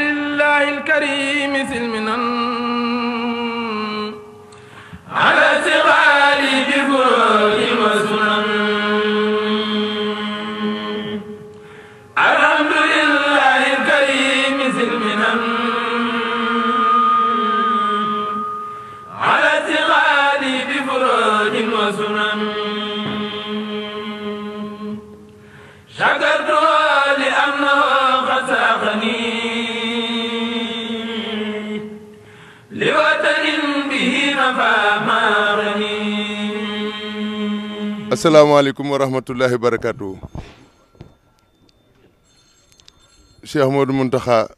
لله الكريم سلمنا على asalaamaaleykum wa rahmatullahi wa barakaatu. Cheikh Modou Mountakha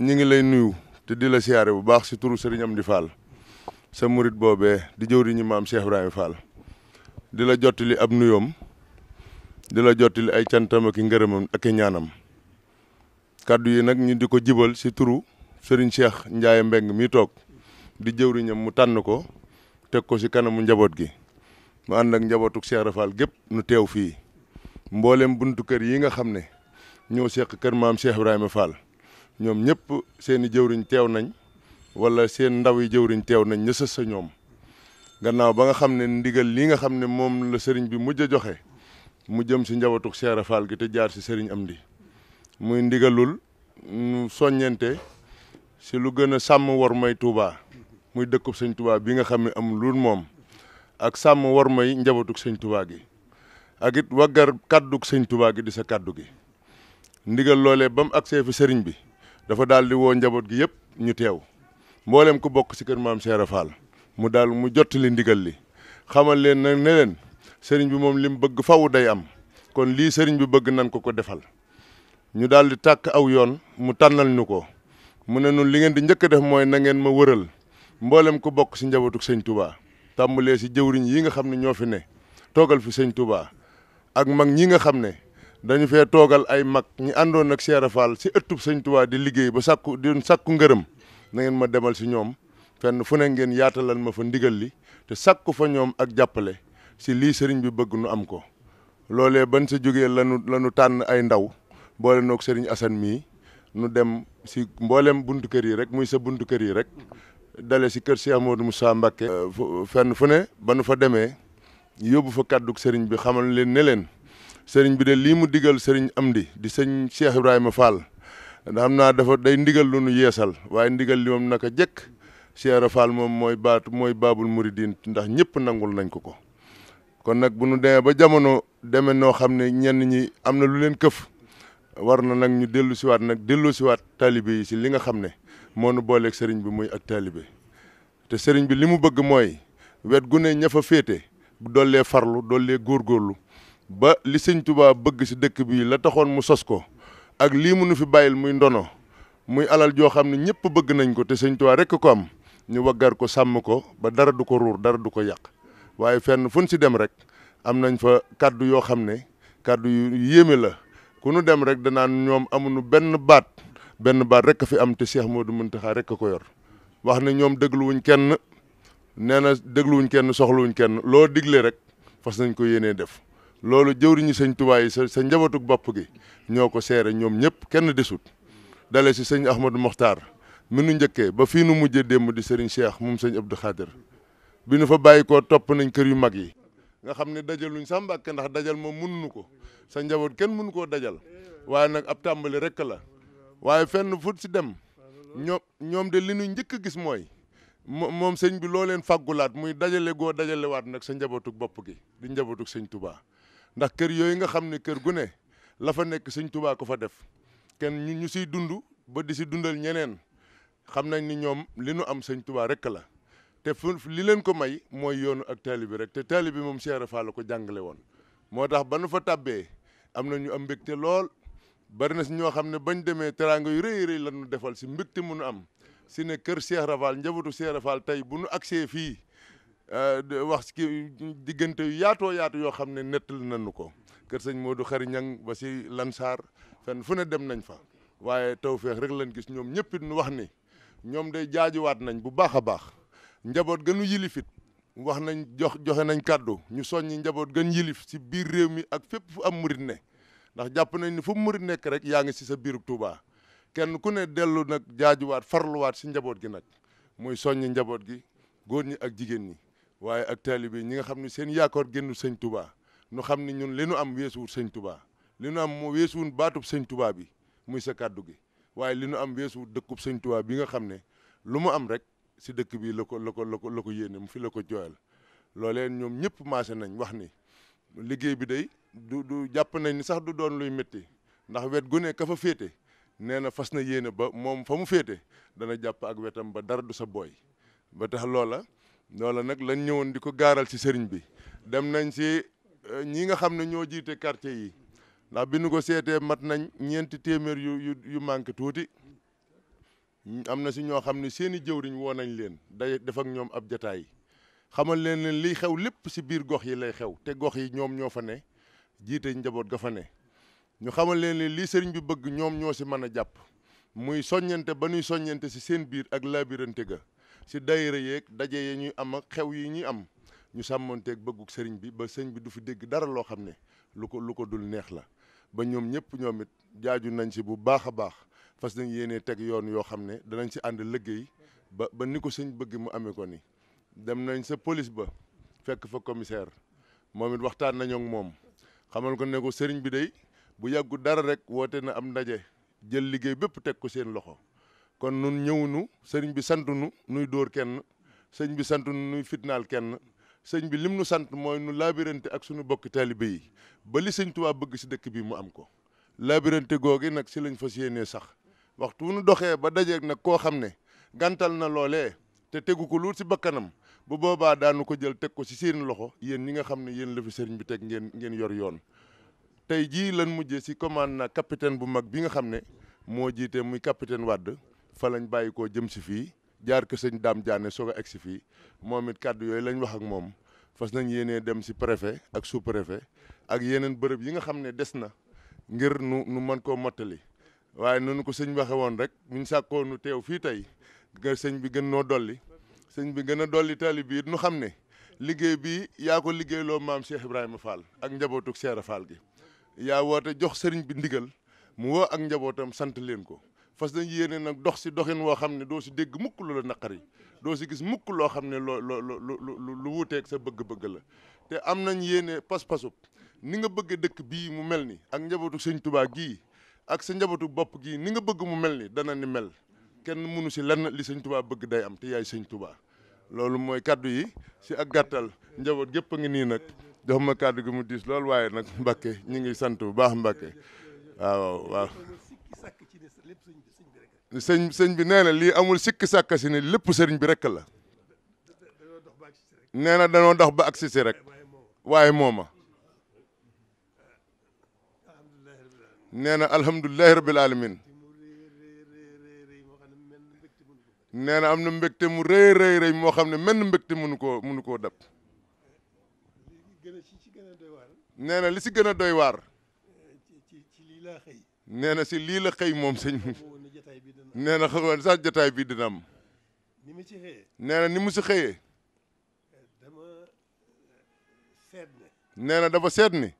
ñu ngi lay nuyu te dila la siyaare bu baax si turu Serigne di Fall sa murit boobee di jëw jëwriñu maam Cheikh Ibrahima Fall di la jottali ab nuyoom di la jottali ay cantam ak i ngërëmam ak i ñaanam kàddu yi nag ñu di ko jibal si turu Serigne Cheikh Ndiaye Mbeng mi toog di jëw jëwriñam mu tànn ko teg ko si kanamu njaboot gi. mu ànd ak njabootuk Cheikh Rafal gépp nu teew fii mboolem buntu kër yi nga xam ne ñëw seq kër maam Cheikh Ibrahima ñoom ñëpp seeni jëwriñ teew nañ wala seen ndaw yi jëwriñ teew nañ ña sës sa ñoom gannaaw ba nga xam ne ndigal lii nga xam ne moom la sëriñ bi mujj a joxe mu jëm si njabootuk Cheikh Rafal gi te jaar si sëriñ am Amdi muy ndigalul nu soññente si lu gën a sàmm war may Touba muy dëkku sëñ Touba bi nga xam ne amul lu moom ak sàmm war may njabootug sëñ tubaa gi ak it waggar kàddug sëñ tubaa gi di sa kàddu gi ndigal loole ba mu agsee fi sëriñ bi dafa daal di woo njaboot gi yëpp ñu teew mboolem ku bokk ci kër maam Cheikh Fall mu daal mu jottali ndigal li xamal leen nag ne leen sëriñ bi moom li mu bëgg faw day am kon lii sëriñ bi bëgg nan ko ko defal ñu daldi di tàkk aw yoon mu tànnal ñu ko mu ne nun li ngeen di njëkk def mooy na ngeen ma wëral mboolem ku bokk ci njabootu sëñ Touba. tàmbalee si jëwriñ yii nga xam ne ñoo fi ne toogal fi sëñ Touba ak mag ñi nga xam ne dañu fee toogal ay mag ñi àndoon ak Cheikh Fall si ëttub sëñ Touba di liggéey ba sàkku di sàkku ngërëm na ngeen ma demal si ñoom fenn fu ne ngeen yaatalal ma fa ndigal li te sàkku fa ñoom ak jàppale si lii sëriñ bi bëgg nu am ko. loolee ban si jógee lanu lanu tànn ay ndaw boole noog sëriñ Assane mii nu dem si mboolem buntu kër yi rek muy sa buntu kër yi rek dale si kër si Amadou Moussa Mbacké euh, fenn fu ne ba nu fa demee yóbbu fa kàddug sëriñ bi xamal leen ne leen sëriñ bi de lii mu digal sëriñ am di sëñ Cheikh Ibrahima Fall xam naa dafa day ndigal lu nu waaye ndigal li moom naka jëkk Cheikh moom mooy baatu mooy baabul muridin ndax ñëpp nangul nañ ko ko kon nag bu demee ba jamono demee noo xam ne ñenn ñi am na lu leen këf war na nag ñu dellu siwaat nag dellu siwaat taalibe yi si li nga xam ne moo nu booleeg sëriñ bi muy ak taalibe te sëriñ bi li mu bëgg mooy wet gu ne ña fa féete dollee farlu dollee góorgóorlu ba li sëñ Tuubaa bëgg si dëkk bi la taxoon mu sos ko ak lii mu nu fi bàyyil muy ndono muy alal joo xam ne ñëpp bëgg nañ ko te sëñ Tuubaa rekk ko am ñu waggar ko sàmm ko ba dara du ko ruur dara du ko yàq waaye fenn fun si dem rek am nañ fa kàddu yoo xam ne kàddu yu yéeme la ku nu dem rek danaan ñoom amu nu benn baat benn baat rek a fi am te Cheikh Modou Mountakha rek a ko yor wax ne ñoom dégluwuñ kenn nee na dégluwuñ kenn soxluwuñ kenn loo digle rek fas nañ ko yéenee def loolu jëwriñu sëñ Tuubaa yi sa sa bopp gi ñoo ko seere ñoom ñëpp kenn desut dale si sëñ Ahmadou Mokhtar mi nu njëkkee ba fii nu mujjee démb di sëriñ Cheikh moom sëñ Abdou Khadir bi nu fa bàyyi koo topp nañ kër yu mag yi nga xam ne dajaluñ sax Mbàkke ndax dajal moom mënuñu ko sa njaboot kenn mënu koo dajal waaye nag ab tàmbali rek la waaye fenn fu si dem ñoom ñoom de li ñu njëkk a gis mooy moom sëñ bi loo leen fàggulaat muy dajale goo dajalewaat nag sa njabootug bopp gi di njabootug sëñ tubaa ndax kër yooyu nga xam ne kër gu ne la fa nekk sëñ tubaa ko fa def kenn ñu ñu siy dund ba di si dundal ñeneen xam nañ ni ñoom li nu am sëñ tubaa rek la te fu li leen ko may mooy yoonu ak taali bi rek te taali bi moom Cheikh Fall la ko jàngale woon moo tax ba nu fa tàbbee am na ñu am mbégte lool bari na si ñoo xam ne bañ demee teraanga yu rëy rëy la ñu defal si ti mu nu am si ne kër Cheikh Rafal njabootu Cheikh tey bu nu agsee fii euh, wax ki diggante yu yaatoo yaatu yoo xam ne nettali nañu ko kër sañ Modou Khary Niang ba si Lansar fenn fu ne dem nañ fa waaye tawféex rek lañ gis ñoom ñëpp it wax ni ñoom day jaajuwaat nañ bu baax a baax njaboot gënu yilifit wax nañ jox joxe nañ kàddu ñu soññi njaboot gën yilif si biir réew mi ak fépp fu am murit ndax jàpp nañ ni fu mu murit nekk rek yaa ngi si sa biirub Touba kenn ku ne dellu nag jaajuwaat farluwaat si njaboot gi nag muy soññi njaboot gi góor ñi ak jigéen ñi waaye ak taalibe ñi nga xam ni seen yaakoor génnu sëñ Touba nu xam ne ñun li nu am weesuwul sëñ Touba li nu am moo weesuwul baatub sëñ Touba bi muy sa kàddu gi waaye li nu am weesuwul dëkkub sëñ Touba bi nga xam ne lu mu am rek si dëkk bi la ko la ko la ko yéene mu fi la ko jooyal loolee ñoom ñëpp maase nañ wax ni liggéey bi day du du jàpp nañ ni sax du doon luy métti ndax wet gu ne ka fa féete nee na fas na yéene ba moom fa mu féete dana jàpp ak wetam ba dara du sa booy ba tax loola loola nag lañ ñëwoon di ko gaaral si sëriñ bi dem nañ si euh, ñi nga xam ne ñoo jiite quartier yi ndax bi nu ko seetee mat nañ ñeenti téeméer yu yu yu tuuti am na si ñoo xam ne seeni i jëwriñ woo nañ leen day def ak ñoom ab jataay xamal leen leen liy xew lépp si biir gox yi lay xew te gox yi ñoom ñoo fa ne jiite njaboot ga fa ne ñu xamal leen ne lii sëriñ bi bëgg ñoom ñoo si mën a jàpp muy soññante ba ñuy soññante si seen biir ak labirante ga si daayira yeeg daje ya ñuy am ak xew yi ñuy am ñu sàmmonteeg bëggu sëriñ bi ba sëñ bi du fi dégg dara loo xam ne lu ko lu ko dul neex la ba ñoom ñëpp ñoom it jaaju nañ si bu baax a baax fas nañ yéenee teg yoon yoo xam ne danañ si ànd liggéey ba ba ni ko sëñ bëgg mu amee ko ni dem nañ sa police ba fekk fa commissaire moom it waxtaan nañoo moom xamal ko ne ko sëriñ bi day bu yàggu dara rek woote na am ndaje jël liggéey bépp teg ko seen loxo kon nun ñëwunu sëriñ bi santunu nuy dóor kenn sëñ bi santunu nuy fitnaal kenn sëñ bi lim nu sant mooy nu laabirante ak suñu bokki taalibe yi bali li sëñ Tuubaa bëgg si dëkk bi mu am ko laabirante googi nag si lañ fas yéenee sax waxtu nu doxee ba dajeeg nag koo xam ne gantal na loolee te tegu ko luut si bakkanam bu boobaa daanu ko jël teg ko si seen loxo yéen ñi nga xam ne yéen la fi sëriñ bi teg ngeen ngeen yor yoon tey jii lan mujjee si commande na capitaine bu mag bi nga xam ne moo jiite muy capitaine Wade fa lañ bàyyi koo jëm si fii jaar ko sëñ Dame Diané soo a egg ci fii moom it kàddu yooyu lañ wax ak moom fas nañ yéenee dem si préfet ak sous préfet ak yeneen bërëb yi nga xam ne des na ngir nu nu mën koo mottali waaye noonu ko sëñ waxe woon rek buñ sàkkoo nu teew fii tey nga sëñ bi gën noo dolli sëñ bi gën a dolli tali bi nu xam ne liggéey bi yaa ko liggéeyloo maam Cheikh Ibrahima Fall ak njabootuk Cheikh Fall gi yaa woote jox sëriñ bi ndigal mu woo ak njabootam sant leen ko fas dañu yéene nag dox si doxin woo xam ne doo si dégg mukk lu la naqari doo si gis mukk loo xam ne loo loo lu lu wuuteeg sa bëgg-bëgg la te am nañ yéene pas ni nga bëgg dëkk bii mu mel ni ak njabootu sëñ tubaab gii ak sa njabootu bopp gii ni nga bëgg mu mel ni dana mel kenn mënu si lenn li sëñ Touba bëgg day am te yaay sëñ tubaa loolu mooy kàddu yi si ak gàttal njaboot gépp a ngi nii nag jox kàddu kaddu gi mu diis loolu waaye nag Mbacke ñu ngi sant bu baax Mbacke waaw waaw. sëñ sëñ bi nee na lii amul sikki sàkk si ne lépp sëriñ bi rekk la nee na danoo dox ba agsi si rek waaye mooma nee na alhamdulilahi rabil alamin nee na am na mbégte mu rëy rëy rëy moo xam ne menn mbégte mënu koo mënu koo dab nee na li si gën a doy waar nee na si lii la xëy moom sëñ nee na xamoon sax jotaay bi dina am nee na ni mu si xëyee nee na dafa seet ni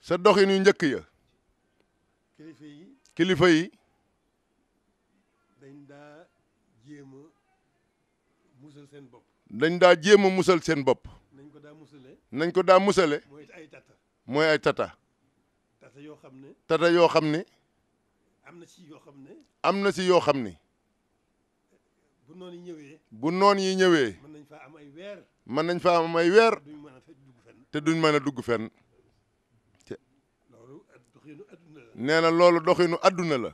sa doxin yu njëkk ya kilifa yi dañ daa jéem a musal seen bopp. nañ ko daa musale. nañ ko daa musale. mooy ay tata. mooy ay tata. yoo xam ne. tata yoo xam ne. am na si yoo xam ne. am na si yoo xam ne. bu noon yi ñëwee. bu noon yi ñëwee. mën nañ faa am ay weer. mën nañ faa am ay weer. duñ mën a dugg fen te duñ mën a dugg fenn. loolu doxinu adduna la. nee na loolu doxinu adduna la.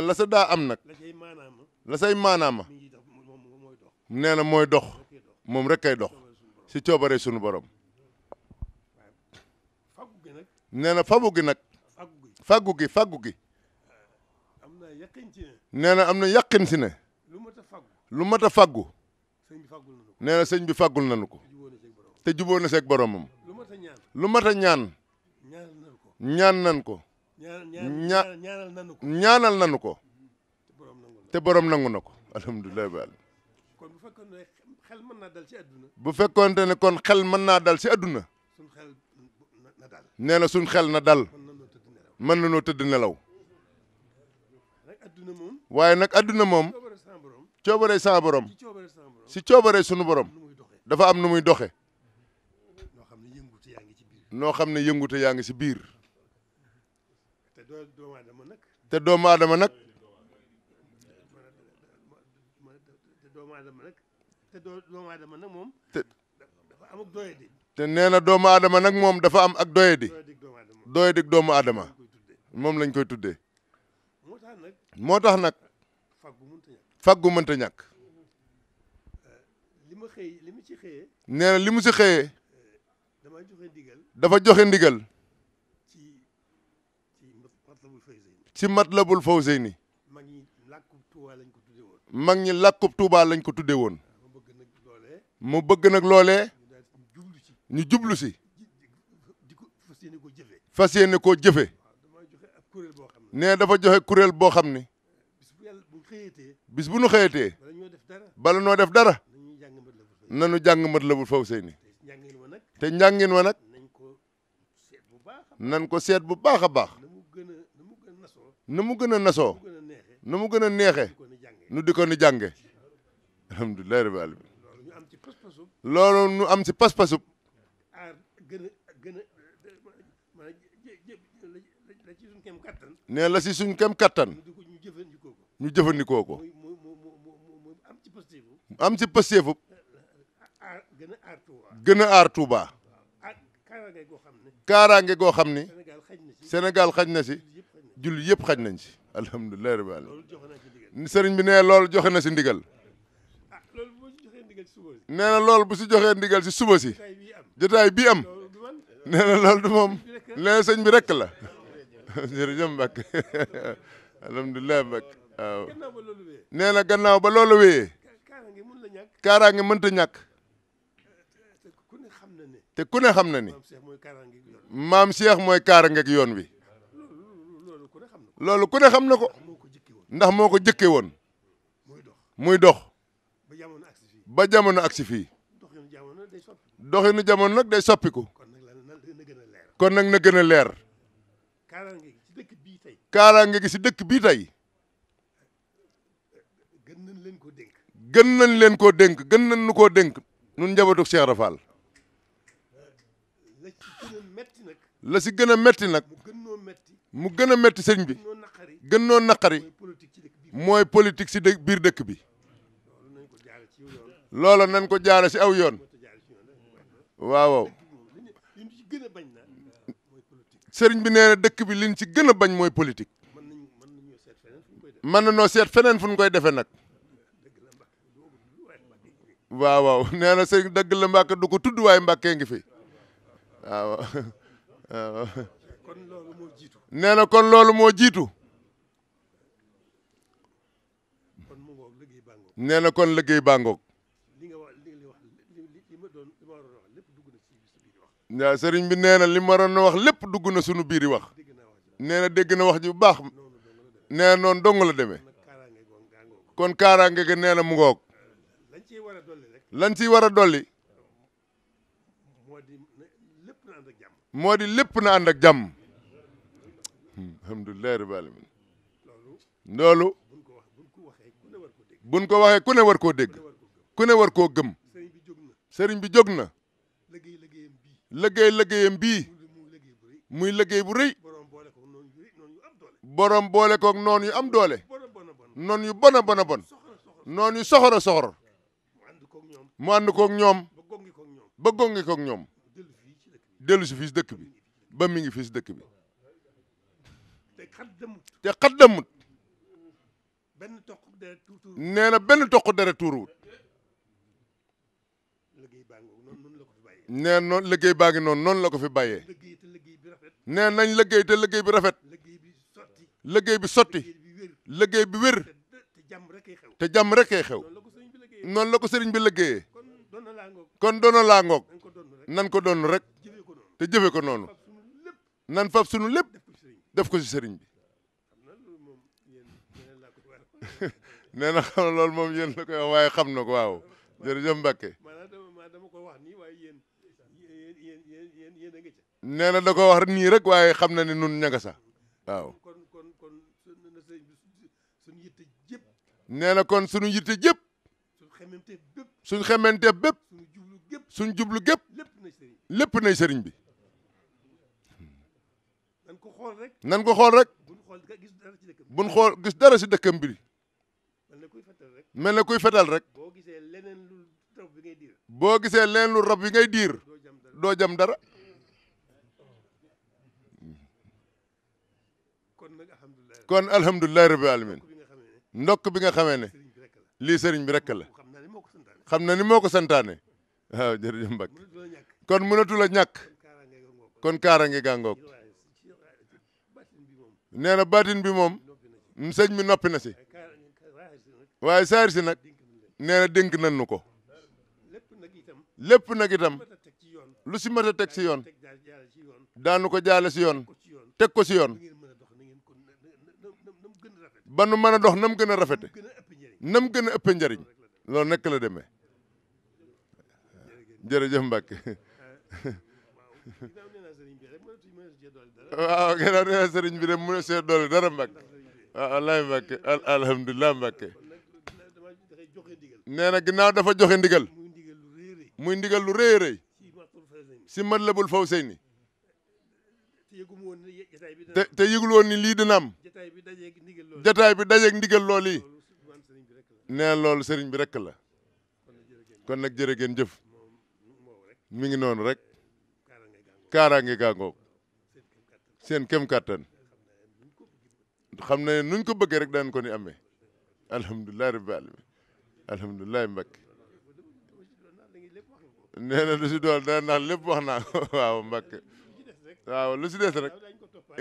la sa daa am nag. la say maanaama. nee na mooy dox moom rek kay dox si coobare sunu borom nee na fagu gi nag fagu gi fagu gi nee na am na yàqin si ne lu mat a fagu nee na sëñ bi fagul nañu ko te jubóo na seeg boromam lu mat a ñaan ñaan nan ko ña ñaanal nanu ko te borom nangu na ko alhamdulilah baal fekkoon ne mën naa dal ci àdduna. bu fekkoonte ne kon xel mën naa dal si àdduna. suñ xel nee na suñ xel na dal. mën na noo tëdd nelaw. waaye nag àdduna moom. coobare sa borom. si coobare sunu borom. dafa am nu muy doxe noo xam ne yëngute yaa ngi ci biir. te doomu aadama nag. te doomu aadama nag. te doomu aadama nag te doomu aadama nag moom. te dafa am ak doyadi. te nee na doomu aadama nag moom dafa am ak doyadi. doyadi doomu aadama moom lañ koy tudde moo tax nag moo tax nag. faggu mënta ñàkk. li ma xëy li mu ci xëyee. nee li mu ci xëyee. Eh, dafa joxe ndigal. dafa joxe ndigal. ci ci matlabul fawzeyni. ci matlabul fawzeyni. mag ñi làkkub Tuubaa lañ ko tuddee woon mu bëgg nag loolee ñu jublu si fas yéene koo jëfe nee dafa joxe kuréel boo xam ne bis bu nu xëyatee bala noo def dara nanu jàng Matlabul Fawzayni te njàngin wa nag nan ko seet bu baax a baax na mu gën a nasoo na mu gën a neexe nu di ko nu jànge alhamdulilah rabbil alamin loolu nu am ci pas-pasub nee la si suñ kem kattan ñu jëfandikoo ko am ci pësteefu gën a aar Touba kaaraange goo xam ni Sénégal xaj na si julli yëpp xaj nañ si alhamdulilah rabbil alamin sëriñ bi nee loolu joxe na si ndigal ah, nee lool bu si joxee ndigal si suba si jotaay bi am nee lool du moom nee na sëñ bi rek la jërëjëf Mbacke alhamdulilah Mbacke waaw nee na gannaaw ba loolu wéyee kaaraange mënta ñàkk te ku ne xam na ni maam Cheikh mooy kaaraange ak yoon wi loolu ku ne xam na ko. ndax moo ko jëkkee woon muy dox ba jamono agsi fii doxinu jamono nag day soppiku kon nag na gën a leer kaaraange gi si dëkk bii tey gën nañ leen koo dénk gën nañ leen koo dénk gën nañ nu koo dénk nun njabootu Cheikh Ibra Fall la si gën a metti nag mu gën a metti sëñ bi gën noo naqari mooy politique si dëkk biir dëkk bi loolo nañ ko jaare si aw yoon waaw waaw sëriñ bi nee na dëkk bi liñ ci gën a bañ mooy politique mën na noo seet feneen fu ñu koy defee nag waaw waaw nee sëriñ dëgg la Mbàkke du ko tudd waaye Mbàkke ngi fi waaw waaw nee na kon loolu moo jiitu nee na kon liggéey baa ngoog waaw sëriñ bi nee na li ma waroon wax lépp dugg na sunu biir yi wax nee na dégg na wax ji bu baax nee na noonu dong la demee kon kaaraange ga nee na mu ngoog lañ ciy war a dolli moo di lépp na ànd ak jàmm hmm, alhamdulilah rabbil alamin loolu buñ ko waxee ku ne war koo dégg ku war koo gëm sëriñ bi jóg na liggéey liggéeyam bii muy liggéey bu rëy borom boole koog noon yu am doole noonu yu bon a bon a bon noonu yu soxor a soxor mu ànd koog ñoom ba gongi koog ñoom dellu si fii si dëkk bi ba mi ngi fii dëkk bi te xat damut nee na benn toq deret tuuruwut nee noonu liggéey baa ngi noonu noonu la ko fi bàyyee nee nañ liggéey te liggéey bi rafet liggéey bi sotti liggéey bi wér te jàmm rek ay xew noonu la ko sëriñ bi liggéeyee kon doona laa ngoog nan ko doon rek te jëfe ko noonu nan fab sunu lépp def ko si sëriñ bi nee na xam loolu moom yéen la waaye xam na ko waaw jërëjëf Mbacke. nee na da ko wax nii rek waaye xam na ne nun ña sax waaw. nee na kon suñu yitte jëpp. suñ xemente bépp. suñ jublu gépp. lépp nay sëriñ bi. nan ko xool rek. buñ xool gis dara si dëkkam bi. mel na kuy fetal rek boo gisee leneen lu rab ngay diir boo gisee leneen rab bi ngay diir doo jam dara kon alhamdulilahi rabbil alamin ndokk bi nga xamee ne lii sëriñ bi rek la xam na ni moo ko santaane waaw jërëjëf Mbacke kon mënatu la ñàkk kon kaaraange gàngoog nee na baatin bi moom sëñ mi noppi na si waaye saar si nag nee na dénk nañ nu ko lépp nag itam lu si mat a teg si yoon daanu ko jaale si yoon teg ko si yoon ba nu mën a dox nam gën a rafete nam gën a ëppe njariñ loolu nekk la demee jërëjëf Mbacke waaw ginnaaw nee na sëriñ bi de mu ne see doole dara Mbacke waaw alaay Mbacke alhamdulilah Mbacke nee na ginnaaw dafa joxe ndigal muy ndigal lu rëy a rëy si Matlabul Fawzayni te te yëgul woon ni lii dina am jataay bi dajeeg ndigal lool yi nee loolu sëriñ bi rek la kon nag jërë ngeen jëf mi ngi noonu rek kaaraange gaangoog seen kem kàttan xam ne nuñ ko bëggee rek daan ko ni amee alhamdulilah rabbi alhamdulilah Mbacke nee na lu si dool dana ndax lépp wax naa waaw Mbacke waaw lu si des rek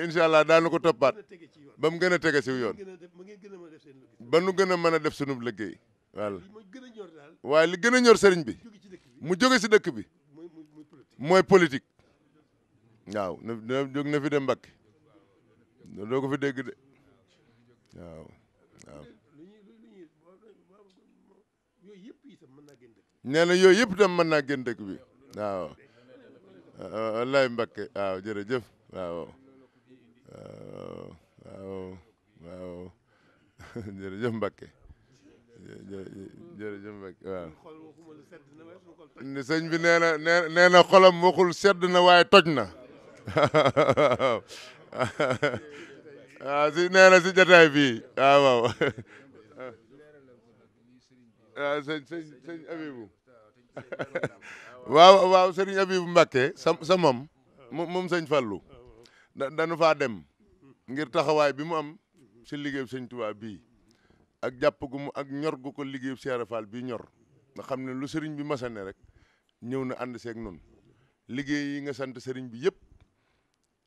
incha allah daanu ko toppaat ba mu gën a tege si yoon ba nu gën a mën a def sunu liggéey voilà waaye li gën a ñor sëriñ bi mu jóge si dëkk bi mooy politique waaw na jóg na fi dem Mbacke doo ko fi dégg de waaw nee na yooyu yëpp itam mën naa génn dëkk bi waaw wallaay Mbakke waaw jërëjëf waaw waaw waaw jërëjëf Mbakke jërëjëf Mbakke waaw sëñ bi nee na nee na xolam waxul sedd na waaye toj na waaw si nee si jataay bi waaw waaw ah, sëñ sëñ sëñ Abibu waaw waaw sëriñ Abibu Mbàkke sa sa moom moom sëñ Fallu ah, dañu faa dem ngir taxawaay bi mu am si liggéeyu sëñ Tuubaa bii ak jàpp gu mu ak ñor gu ko liggéeyu Seera Faal bii ñor nga xam ne lu sëriñ bi masane rek ñëw na ànd seeg nun liggéey yi nga sant sëriñ bi yëpp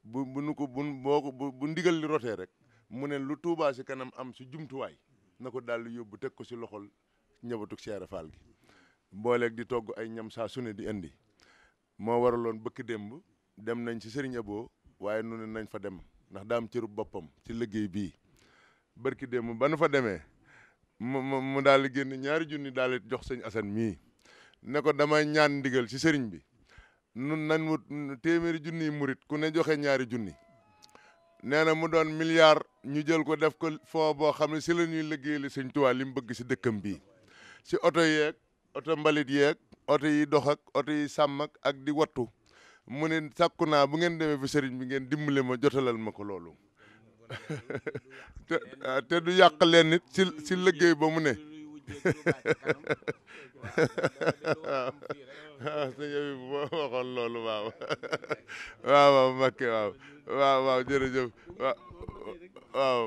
bu bu nu ko bu boo bu ndigal li rotee rek mu ne lu Tuubaa si kanam am si jumtuwaay na ko daal yóbbu teg ko si loxol njabootu Cheikh Fall gi mbooleeg di togg ay ñam saa sune di indi moo waraloon bëkk démb dem nañ ci Serigne Abo waaye nu nañ fa dem ndax daam cëru boppam ci liggéey bii bërki démb ba nu fa demee mu mu daal di génn ñaari junni daal jox sëñ Asan mii ne ko damay ñaan ndigal ci sëriñ bi nun nañ wut téeméeri junniy murit ku ne joxe ñaari junni nee na mu doon milliard ñu jël ko def ko foo boo xam ne si la ñuy liggéey li sëñ Tuubaa li mu bëgg si dëkkam bii ci oto yeeg oto mbalit yeeg oto yi dox ak oto yi sàmm ak di wattu mu ne sàkku naa bu ngeen demee fi sëriñ bi ngeen dimbale ma jotalal ma ko loolu te du yàq leen nit ci ci liggéey ba mu ne waaw sëñ bi boo waxoon loolu waaw waaw waaw jërëjëf waaw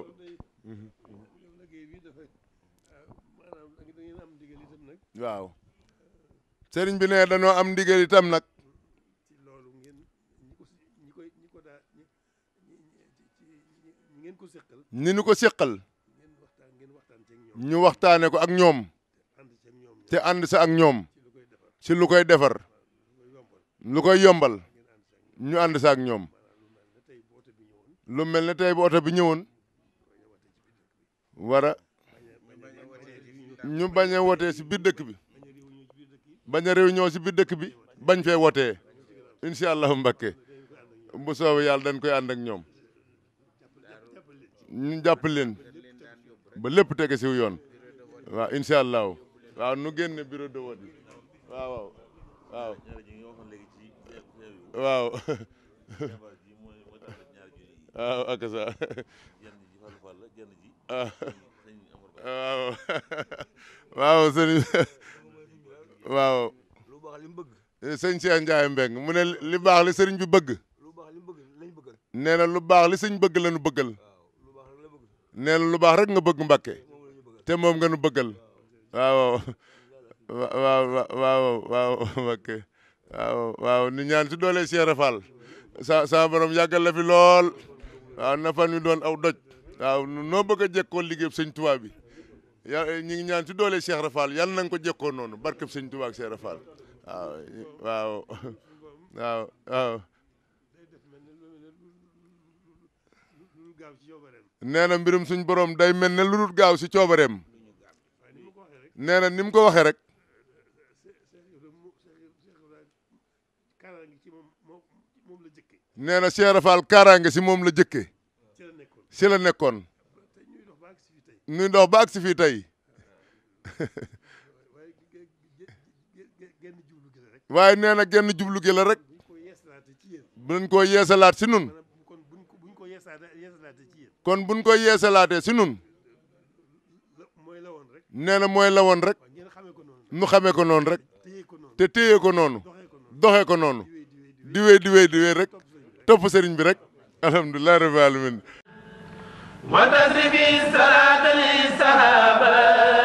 sëriñ bi ne dañoo am ndigal tam nag ci loolu ngeen ñi ko ñi ko daa ko séqal ni ñu ko séqal ñu waxtaane ko ak ñoom te ànd sa ak ñoom ci lu koy defar lu koy yombal ñu ànd sa ak ñoom lu mel ne tey bu oto bi ñëwoon war a ñu bañ a wotee si biir dëkk bi bañ a réunion si biir dëkk bi bañ fee wootee incha allahu mbakke bu soobee yàlla dañ koy ànd ak ñoom ñu jàpp leen ba lépp tege si yoon waaw incha allahu waaw nu génne bureau de waaw waaw waaw waaw lu baax li mu bëgg eh, sëñ Cheikh Ndiaye Mbeng mu ne li baax li sëriñ bi bëgg lu baax li mu bëgg nee na lu baax li sëñ bëgg nu bëggal nee na lu baax rek nga bëgg Mbàkke te moom nga nu bëggal waaw waaw waaw waaw ni ñaan si doole Cheikh Rafal sa sa borom yàggal lool waaw na wi doon aw doj waaw noo bëgg a jekkoo liggéey sëñ Tuubaa bi ya eh, ñu ngi ñaan ci doole Cheikh Rafal yàlla na ko jëkkoo noonu barkeb sëñ Tuubaa ak Cheikh Rafal waaw waaw waaw. nee borom day mel ne lu gaaw si coobareem. nee na ni mu ko waxee rek. nee na Cheikh Rafal kaaraange si moom la jëkke si la nekkoon. ñu dox ba si fii tey waaye nee na genn jublu gi la rek buñ ko yeesalaat si nun kon buñ ko yeesalaatee si nun nee na mooy lawoon rek nu xamee ko noonu rek te téye ko noonu doxee ko noonu di wéy di wéy di wéy rek topp sëriñ bi rek alhamdulilah rabbil alamin وتسبي الصلاة للصحابة